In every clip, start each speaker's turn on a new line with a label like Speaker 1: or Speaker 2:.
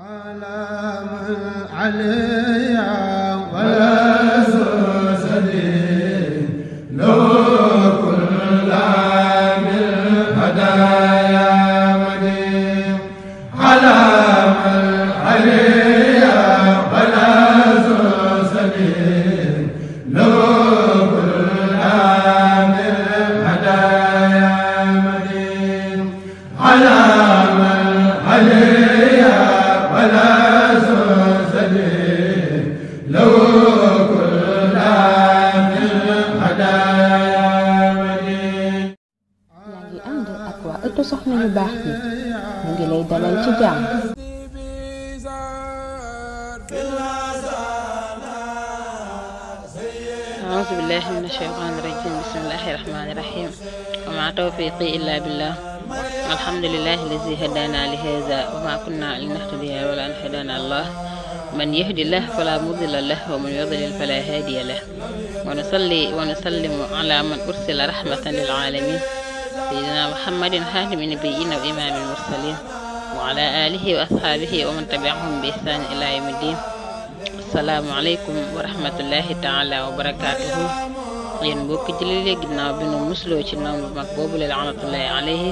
Speaker 1: على من علي ولا ci أعوذ بالله من الشيطان الرجيم بسم الله الرحمن الرحيم وما توفيقي إلا بالله الحمد لله الذي هدانا لهذا وما كنا لنهتدي ولا أن هدانا الله من يهدي الله فلا مضل له ومن يضلل فلا هادي له ونصلي ونسلم على من أرسل رحمة للعالمين سيدنا محمد خاتم نبينا وإمام المرسلين وعلى آله وأصحابه ومن تبعهم بإحسان إلى يوم الدين السلام عليكم ورحمة الله تعالى وبركاته ين بوك جليل جنا بنو مسلو شي نام مكبوب للعنة الله عليه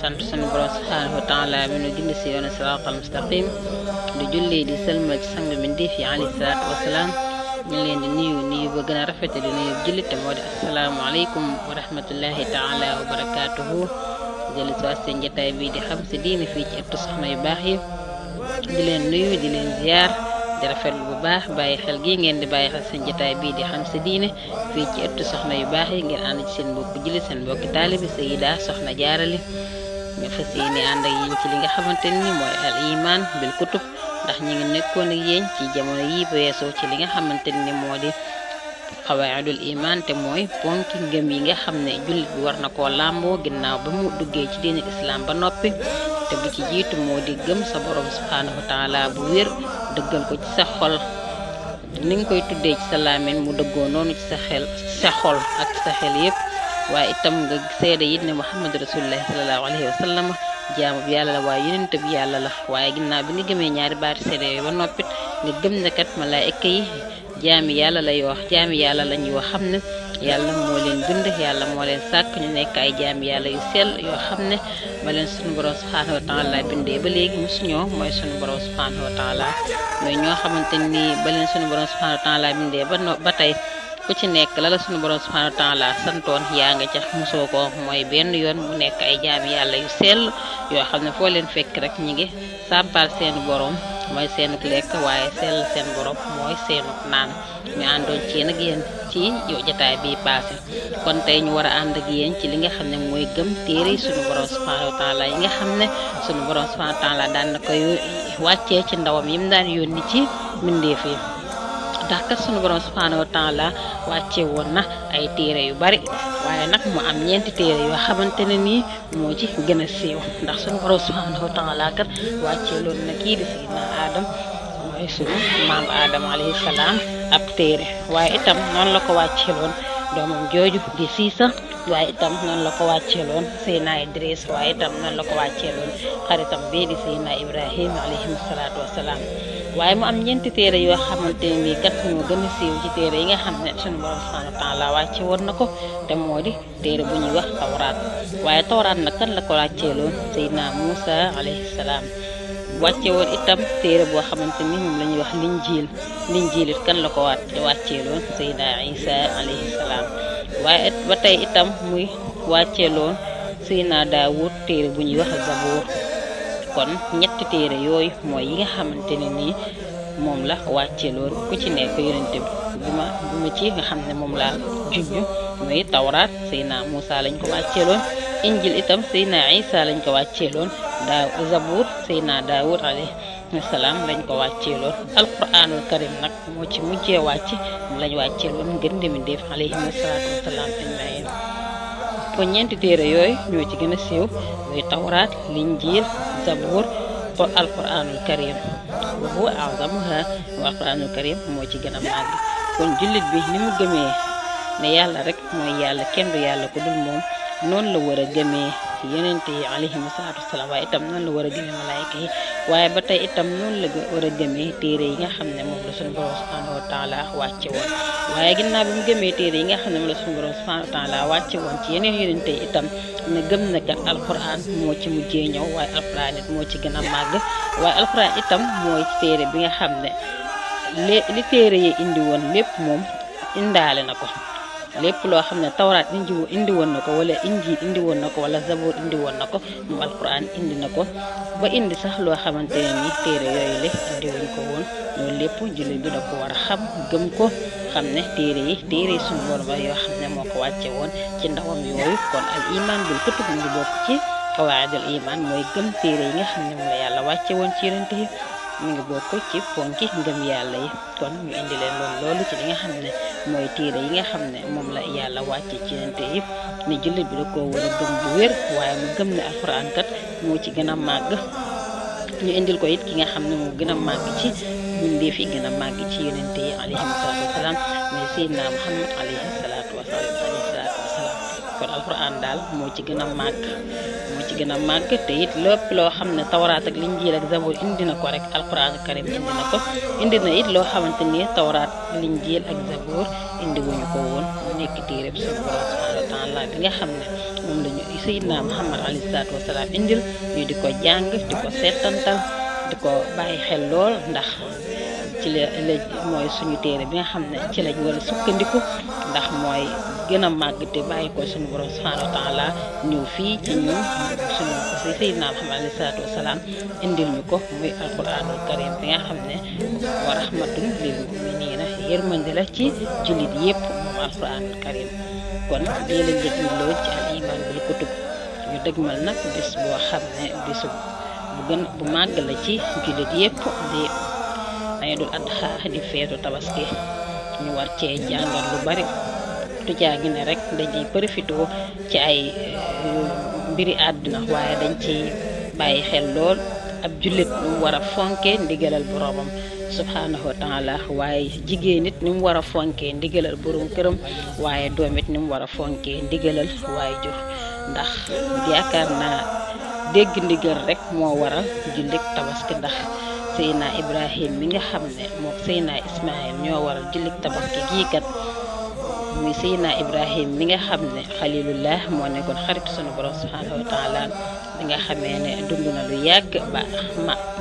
Speaker 1: سنت سن برو سبحانه وتعالى بنو جند سيون الصراط المستقيم دي جولي دي سلمى سانغ من دي في علي الصلاه والسلام من لين دي نيو نيو بغنا رفعت دي نيو جليت السلام عليكم ورحمه الله تعالى وبركاته dellu si waat seen jotaay bii xam sa diine fii ci soxna yu baax yi di leen nuyu di leen ziar bu baax bàyyi xel gi ngeen di bàyyi xel seen jotaay bii di xam sa diine fii ci soxna yu baax yi ngeen ànd ci seen mbokk jili seen mbokki taalibi sayida soxna jaarali nga fas yéene ànd ak yéen ci li nga xamante ni mooy al iman bil kutub ndax ñu ngi nekkoo ak yéen ci jamono yi ba weesoo ci li nga xamante ni moo di xawaayidul iman te mooy ponki ngëm yi nga xam ne jullit bi war na koo làmboo ginnaaw ba mu duggee ci diine islaam ba noppi te bu ci jiitu moo di gëm sa borom subhaanahu wa bu wér dëggal ko ci sa xol ni nga koy tuddee ci sa laamin mu dëggoo noonu ci sa xel sa xol ak sa xel yépp waaye itam nga seede it ne muhammadu rasulullahi sallallahu alayhi wa sallam jaamu yàlla la waaye yonent bi yàlla la waaye ginnaaw bi nga gëmee ñaari baati seede yooyu ba noppit nga gëm ne kat jaami yàlla lay wax jaami yàlla la ñuy wax xam ne yàlla moo leen bind yàlla moo leen sàkk ñu nekk ay jaami yàlla yu sell yoo xam ne ma leen suñu borom subhanahu wa taala bindee ba léegi mosuñoo mooy suñu borom subhanahu wa mooy ba leen suñu borom subhanahu wa taala bindee ba ba tey ku ci nekk lala la sunu borom subhanahu wa taala santoon yaa nga cax mosoo ko mooy benn yoon mu nekk ay jaam yàlla yu sell yoo xam ne foo leen fekk rek ñi ngi sampal seen boroom mooy seenuk lekk waaye sell seen borom mooy seenuk naan ñu àndoon ci yéen ak yéen ci yow jotaay bi passé kon tey ñu war a ànd ak yéen ci li nga xam ne mooy gëm téere sunu borom subhanahu wa yi nga xam ne sunu borom subhanahu wa taala daan na koy wàccee ci ndawam yim daan yónni ci mbindeef yi ndax kat sunu borom subhaanahu wa wàcce woon na ay téere yu bari waaye nag mu am ñeenti téere yoo xamante ne nii moo ci gën a siiw ndax sunu borom subhaanahu wa taala kat wàcce loon na kii di sayyidina Adam mooy sunu maam Adam alayhi salaam ab téere waaye itam noonu la ko wàcce loon doomam jooju di siisa waaye itam noonu la ko wàcceeloon Seydina Idris waaye itam la ko wàcceeloon xaritam bii di Seydina Ibrahima alayhi salaatu wa salaam waaye mu am ñeenti téere yoo xamante ne nii kat ñoo gën a siiw ci téere yi nga xam ne suñu borom subhanahu wa wàcce woon na ko te moo di téere bu ñuy wax tawraat waaye tawraat nag kan la ko wàcceeloon Seydina Moussa alayhi salaam wàcce woon itam téere boo xamante ni moom la ñuy wax linjiil linjiil it kan la ko wàcc wàcceeloon Seydina Isa alayhi salaam waaye ba tey itam muy wàcceeloon Seydina Daawud téere bu ñuy wax Zabuur kon ñetti téere yooyu mooy yi nga xamante ne nii moom la wàccee loolu ku ci nekk yonente bi bu ma bu ma ci nga xam ne moom laa jubju muy tawraat Seydina Muusa lañ ko wàccee loon injil itam Seydina Isa lañ ko wàccee loon daa zabuur Seydina Daawud alayhi salaam lañ ko wàccee loon alquranul karim nag moo ci mujjee wàcc lañ wàccee loon ngën demi def ñeenti téere yooyu ñoo ci gën a siiw muy tawraat linjiil Zabur pour alquranul karim wa huwa azamuha wa alquranul karim moo ci gën a màgg kon jullit bi ni mu gëmee ne yàlla rek mooy yàlla kenn bu yàlla ko dul moom noonu la war a gëmee yenente yi alayhimu salaatu wasalaam waaye itam noonu la war a gëmee malaayka waaye ba tey itam noonu la war a gëmee téere yi nga xam ne moom la suñu borom subhanahu wa taala wàcce woon waaye ginnaaw bi mu gëmee téere yi nga xam ne moom la suñu borom subhanahu wa taala wàcce woon ci yeneen yonente itam na gëm na kat alquran moo ci mujjee ñëw waaye alquran it moo ci gën a màgg waaye alquran itam mooy téere bi nga xam ne li téere yi indi woon lépp moom indaale na ko lépp loo xam ne tawraat indi indi woon na ko wala injiil indi woon na ko wala zaboor indi woon na ko mu alquran indi na ko ba indi sax loo xamante ni téere yooyu la indi woon ko woon loolu lépp jullit bi da ko war a xam gëm ko xam ne téere yi téere suñu borom yoo xam ne moo ko wàcce woon ci ndawam yooyu kon al iman bil kutub mu ngi bokk ci qawaidul iman mooy gëm téere yi nga xam ne moom yàlla wàcce woon ci yonent yi mu ngi bokk ci ponki ngëm yàlla yi kon ñu indi leen loolu ci li nga xam ne mooy téere yi nga xam ne moom la yàlla wàcce ci nente yëpp ne jullit bi da koo war a wér waaye mu gëm ne alxuraan kat moo ci gën a màgg ñu indil ko it ki nga xam ne moo gën a màgg ci mbindeef yi gën a màgg ci yonente yi alayhi salaatu wasalaam mooy Seydina Muhammad alayhi salaatu wasalaam kon alxuraan daal moo ci gën a màgg ci gën a màgg te it lépp loo xam ne tawraat ak linjiil ak zabur indi na ko rek alquran karim indi na ko indi na it loo xamante ni tawraat linjiil ak zabur indi wuñu ko woon mu nekk téereb suñu borom subhanahu bi nga xam ne moom la ñu sayyidna muhammad alayhi salaatu wasalaam indil ñu di ko jàng di ko seetantal di ko bàyyi xel lool ndax ci la mooy suñu téere bi nga xam ne ci lañ war a sukkandiku ndax mooy gëna a màgg te ko suñu borom subhanahu wa taala ñëw fi ci ñu suñu si Seydina Muhammad alayhi salaatu wa indil ñu ko muy alquranul karim bi nga xamne wa rahmatul lil muminina yërmande la ci julit yépp mu alquranul karim kon lii la ñu lo ci al iman bil kutub ñu dëgmal nak bis bo xamne bisu bu gën bu mag la ci julit yépp di ay adha di fetu tabaski ñu war ci jangal lu bari du jaagi ne rek dañuy profité ci ay euh, mbiri àdduna waaye dañ ci bàyyi xel lool ab jullit nu mu war a fonke ndigalal boroomam subhaanahu wa taala waaye jigéen it ni mu war a fonkee ndigalal borom këram waaye doom it ni mu war a fonkee ndigalal waaye jur ndax yaakaar naa dégg ndigal rek moo waral jullit tabaski ndax Seyna Ibrahim mi nga xam ne moom Seyna Ismaayil ñoo waral jullit tabaski gii kat muy Seydina Ibrahim mi nga xam ne xalilullah moo nekkoon xaritu sunu borom subhaanahu wa taala bi nga xamee ne dund na lu yàgg ba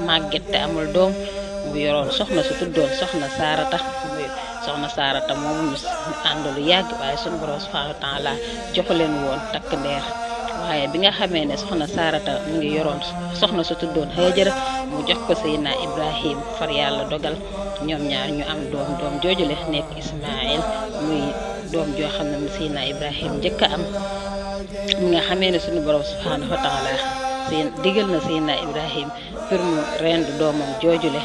Speaker 1: màgget te amul doom mu yoroon soxna su tuddoon soxna Saarata muy soxna Saarata moom ñu ànd yàgg waaye sunu borom subhaanahu wa taala joxu leen woon takk ndeer waaye bi nga xamee ne soxna Saarata mu ngi yoroon soxna su tuddoon Haajara mu jox ko Seydina Ibrahim far yàlla dogal ñoom ñaar ñu am doom doom joojule nekk Ismaayil muy. doom joo xam ne mu Seydina Ibrahima njëkk am mi nga xamee ne suñu borom subhaanahu wa taala seen digal na Seydina Ibrahima pour mu rendu doomam joojule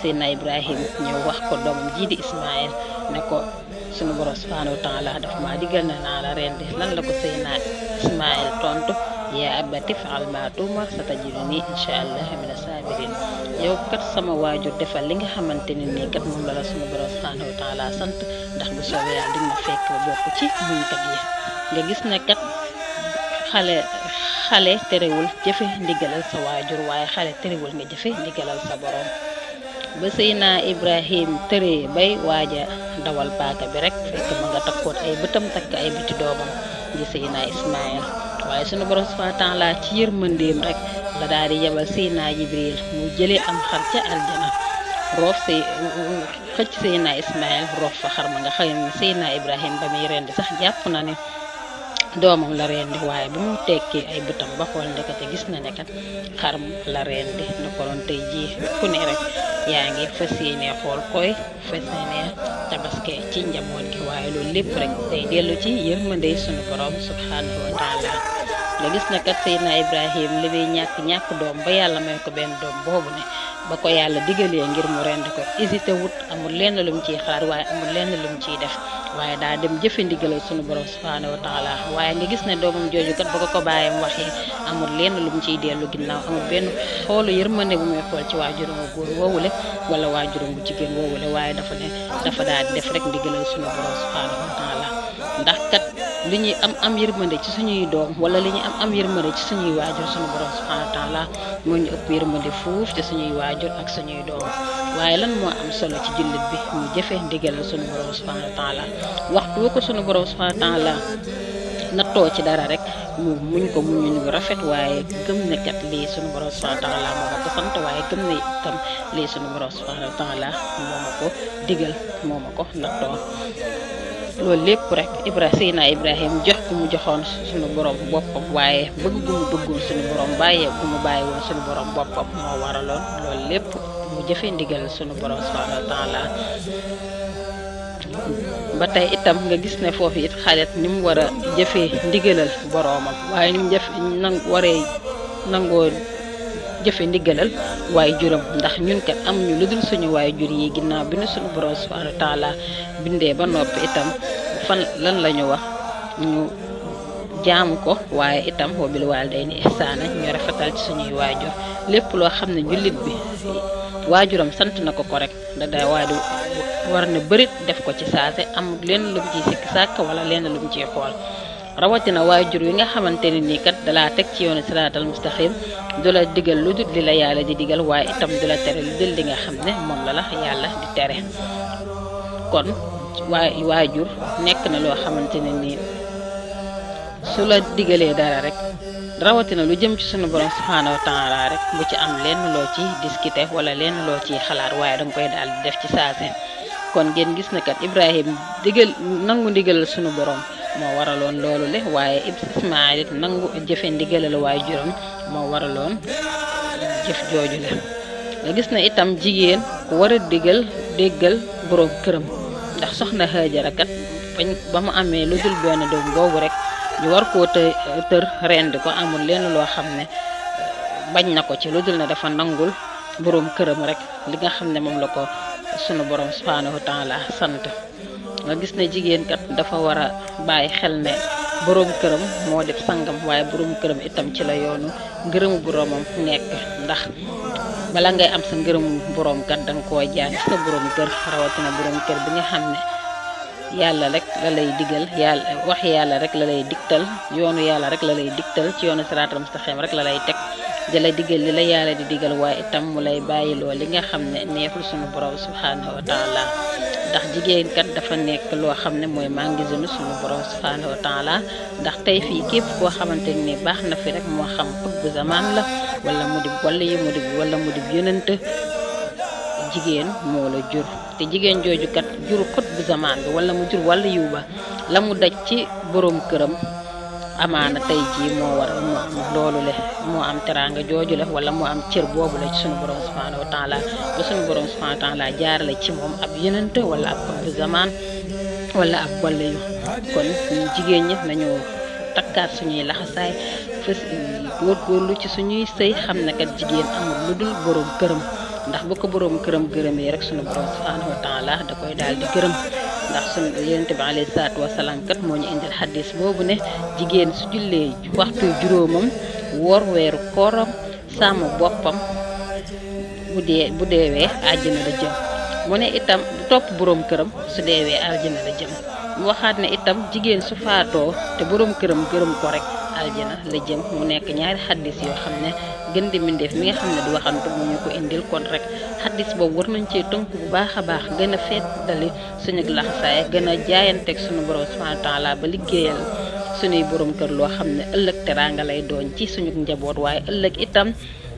Speaker 1: Seydina Ibrahima ñëw wax ko doomam jii Ismaïl ne ko sunu borom subhaanahu wa taala daf maa digal na naa la rendi lan la ko Seydina Ismaïl tontu. yaa abati faal maa tuuma sa tajidu nii incha allah mina saabiriin yow kat sama waajur defal li nga xamante ni nii kat moom la la suñu borom subhaanahu wa taala sant ndax bu soobee yàlla di ma fekk ba bokk ci muñkat yi nga gis ne kat xale xale terewul jëfe ndigalal sa waajur waaye xale terewul nga jëfe ndigalal sa borom ba sëy naa Ibrahim tëree bay waaja dawal paaka bi rek fekk ma nga takkoon ay bëtam takk ay biti doomam di sëy naa Ismaayil waaye sunu borom subhaanahu wa ci yërmandeem rek la daal di yebal Seydina Jibril mu jëlee am xar ca aljana roof say xëcc roof fa xar ma nga xam ne Seydina Ibrahim ba muy rendi sax jàpp na ne doomam la rendi waaye bu mu tekki ay bëtam ba xool ndekete gis na ne kat xar la rendi na ko doon tey jii ku ne rek yaa ngi fas yéene xool koy fas yéene tabaske ci njaboot waaye loolu lépp rek day dellu ci yërmande sunu borom subhanahu wa taala nga gis na kat Seydina Ibrahim li muy ñàkk ñàkk doom ba yàlla may ko benn doom boobu ne ba ko yàlla digalee ngir mu rend ko hésité wut amul lenn lu mu ciy xaar waaye amul lenn lu mu ciy def waaye daa dem jëfe ndigalal sunu borom subhaanahu wa taala waaye nga gis ne doomam jooju kat ba ko ko bàyyam waxee amul lenn lu mu ciy dellu ginnaaw amul benn xoolu yër yërmande bu muy xool ci waajuram bu góor woowule wala waajuram bu jigéen woowule waaye dafa ne dafa daa def rek ndigalal sunu borom subhaanahu li ñuy am am yërmande ci suñuy doom wala li ñuy am am yërmande ci suñuy waajur suñu borom subhanahu wa taala moo ñu ëpp yërmande fuuf ci suñuy waajur ak suñuy doom waaye lan moo am solo ci jullit bi mu jëfee ndigalal suñu borom subhanahu wa taala waxtu ko suñu borom subhanahu wa taala nattoo ci dara rek mu ko muñ rafet waaye gëm na kat lii suñu borom subhanahu wa taala moo ma ko sant waaye gëm na itam lii suñu borom subhanahu wa taala moo ko digal moom ma ko nattoo loolu lépp rek ibra seyna ibrahim jox ku mu joxoon suñu borom boppam waaye bëgg gu mu bëggoon suñu borom bàyyee gu mu bàyyi woon suñu borom boppam moo waraloon loolu lépp mu jëfe ndigal suñu borom subhanahu wa taala ba tey itam nga gis ne foofu it xaleet ni mu war a jëfee ndigalal boroomam waaye ni jëf nang waree nangoo jëfe ndiggalal waaye juram ndax ñun kat am ñu lu dul suñu waaye jur yi ginnaaw bi nu suñu borom subhanahu wa taala bindee ba noppi itam fan lan la ñu wax ñu jaamu ko waaye itam wa day waalidayni ihsaana ñu rafetal ci suñuy waajur lépp loo xam ne jullit bi waajuram sant na ko ko rek da day waadu war na bërit def ko ci saase am lenn lu mu sikk sàkk wala lenn lu mu xool rawatina waajur wi nga xamante ne nii kat dalaa teg ci yoonu siraatal mustaqim du la digal lu dul li la yàlla di digal waaye itam du la tere lu dul li nga xam ne moom la la yàlla di tere kon waay waajur nekk na loo xamante ni nii su la digalee dara rek rawatina lu jëm ci sunu borom subhaanahu wa taala rek bu ci am lenn loo ci discuter wala lenn loo ci xalaat waaye danga koy daal di def ci saase kon ngeen gis na kat Ibrahim digal nangu ndigalal sunu borom. moo waraloon loolu le waaye Ismaayil it nangu jëfe ndigalal waaye juróom moo waraloon jëf jooju le nga gis na itam jigéen ku war a digal déggal boroom këram ndax soxna Haajara kat bañ ba mu amee lu dul benn doom boobu rek ñu war koo të tër rendi ko amul lenn loo xam ne euh, bañ na ko ci lu dul ne dafa nangul boroom këram rek li nga xam ne moom la ko sunu borom subhaanahu wa taala sant nga gis ne jigéen kat dafa war a bàyyi xel ne borom këram moo def sangam waaye borom këram itam ci la yoonu ngërëmu boromam nekk ndax bala ngay am sa ngërëmu borom kat danga koo jaay sa borom kër rawatina borom kër bi nga xam ne yàlla rek la lay digal yàlla wax yàlla rek la lay digtal yoonu yàlla rek la lay digtal ci yoonu siraatal mustaqiim rek la lay teg di la digal li la yàlla di digal waaye itam mu lay li nga xam ne neexul sunu borom subhanahu wa taala ndax jigéen kat dafa nekk loo xam ne mooy magasin suñu borom subhaanahu wa taala ndax tey fii képp koo xamante ne baax na fi rek moo xam xutbu zamaan la wala mu di wala yi mu wala mu di yonent jigéen moo la jur te jigéen jooju kat juru xutbu zamaan bi wala mu jur wala yiw ba la mu daj ci borom këram. amaana tey jii moo waral mu loolu le moo am teraanga jooju le wala moo am cër boobu la ci sunu borom subhanahu wa taala ba sunu borom subhanahu wa taala jaar ci moom ab yenente wala ab bu zamaan wala ab wàll yu kon jigéen ñi nañu takkaat suñuy laxasaay fës góorgóorlu ci suñuy sëy xam ne kat jigéen amul lu dul borom këram ndax bu ko borom këram gërëmee rek suñu borom subhanahu wa taala da koy daal gërëm. ndax sun yonente bi alayhi salaatu wasalaam kat moo ñu indil xadis boobu ne jigéen su jullee waxtu juróomam woor weeru kooram sàmm boppam bu dee bu deewee àjjana la jëm mu ne itam topp boroom këram su deewee àjjana la jëm mu waxaat ne itam jigéen su faatoo te boroom këram gërëm ko rek aljana la jëm mu nekk ñaar hadith yo xamne gën di mindeef mi nga xamne du waxantu mu ñuko indil kon rek hadith boobu war nañ ci tonku bu baaxa baax gëna fet dalé suñu laxasaay gëna jaayante jaayanteeg suñu borom subhanahu taala ba liggéeyal suñu borom kër lo xamne ëlëk teranga lay doon ci suñu njaboot way ëlëk itam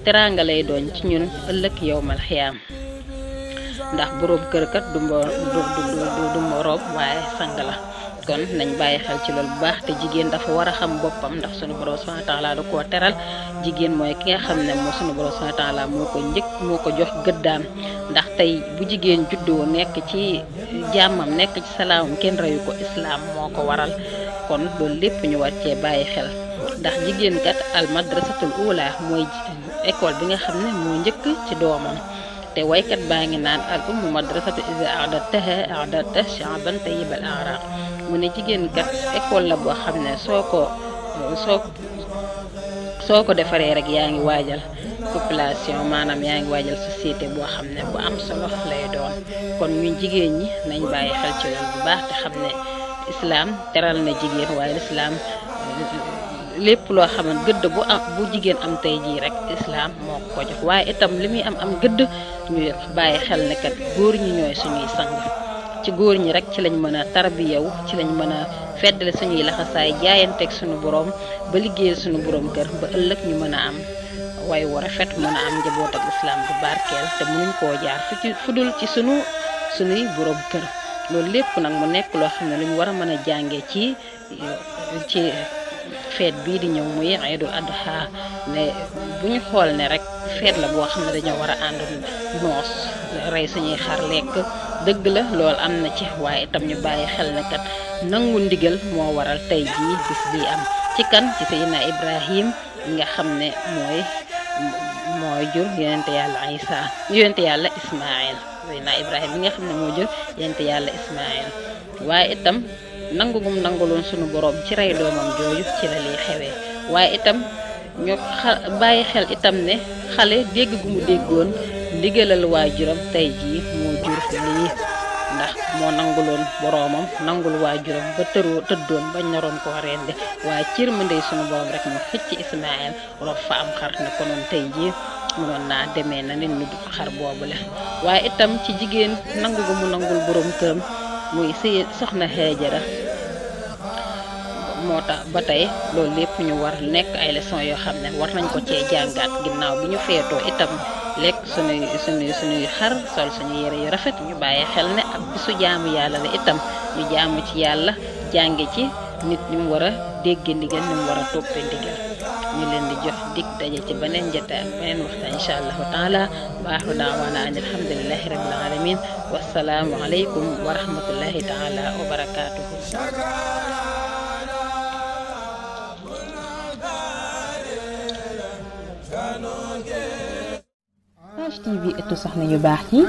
Speaker 1: teranga lay doon ci ñun ëlëk yowmal khiyam ndax borom kër kat du du du du kon nañ bàyyi xel ci loolu bu baax te jigéen dafa war a xam boppam ndax sunu borom subhanahu wa da koo teral jigéen mooy ki nga xam ne moo sunu borom subhanahu wa moo ko njëkk moo ko jox gëddaam ndax tey bu jigéen juddoo nekk ci jàmmam nekk ci salaamam kenn reyu ko islaam moo ko waral kon loolu lépp ñu war cee bàyyi xel ndax jigéen kat al madrasatul ula mooy école bi nga xam ne moo njëkk ci doomam. te waykat baa ngi naan al ummu madrasatu isa ahdataha ahdata shaaban mu ne jigéen kat école la boo xam ne soo ko soo ko defaree rek yaa ngi waajal population maanaam yaa ngi waajal société boo xam ne bu am solo lay doon kon ñu jigéen ñi nañ bàyyi xel ci loolu bu baax te xam ne islaam teral na jigéen waaye lislaam lepp lo xamne gëdd bu bu jigen am tay ji rek islam moo ko jox waye itam limi am am gëdd ñu baye xel ne kat goor ñi ñoy suñuy sang ci goor ñi rek ci lañ mëna a tarbiyaw ci lañ mëna a feddale laxasay jaayante ak suñu borom ba liggéeyal suñu borom kër ba ëlëk ñu mëna am way wu rafet mëna am njaboot ak Islam bu barkel te mënuñ ko jaar fu ci fudul ci sunu suñuy borom kër loolu lepp nak mu nekk lo xamne lu wara war ci ci feet bii di ñëw muy Aïdul Adha ne bu ñu xool ne rek feet la boo xam ne dañoo war a ànd noos rey suñuy xar lekk dëgg la lool am na ci waaye itam ñu bàyyi xel ne kat nangu ndigal moo waral tey jii bis bi am ci kan ci Seydina Ibrahim nga xam ne mooy mooy jur yonent yàlla Isa yonent yàlla Ismaïl Seydina Ibrahim bi nga xam yàlla waaye itam nangu gum nanguloon sunu boroom ci rey doomam jooju ci la lii xewee waaye itam ñu bàyyi xel itam ne xale dégg gu mu déggoon ndigalal waajuram tey jii moo jur lii ndax moo nanguloon boroomam nangul waajuram ba tëroo tëddoon bañ naroon koo rendi waaye ciir ma ndey sunu borom rek mu xëcc Ismaayil rof fa am xar ne konoon tey jii mënoon naa demee na nit ñu boobu la boobule waaye itam ci jigéen nangu gu mu nangul borom këram muy sëy soxna Haajara moo tax ba tey loolu lépp ñu war nekk ay leçons yoo xam ne war nañ ko cee jàngaat ginnaaw bi ñu feetoo itam lekk suñuy suñuy suñuy xar sol suñu yére yu rafet ñu bàyyi xel ne ab bisu jaamu yàlla la itam ñu jaamu ci yàlla jànge ci nit ñi mu war a déggee ndigal ni mu war a toppee ñu leen di jox dikk daje ci beneen jotaay ak beneen waxtaan incha allahu taala baaxu daawaana an alhamdulilahi rabbil alamin wasalaamu aleykum wa rahmatullahi taala Kocc TV ëttu soxna yu baax yi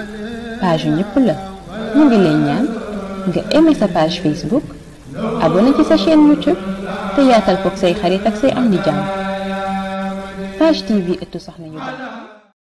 Speaker 1: page yu ñëpp la mu ngi lay ñaan nga aimé sa page Facebook abonné sa chaîne YouTube te yaatal koog say xarit ak say am di jàmm page TV ëttu soxna yu baax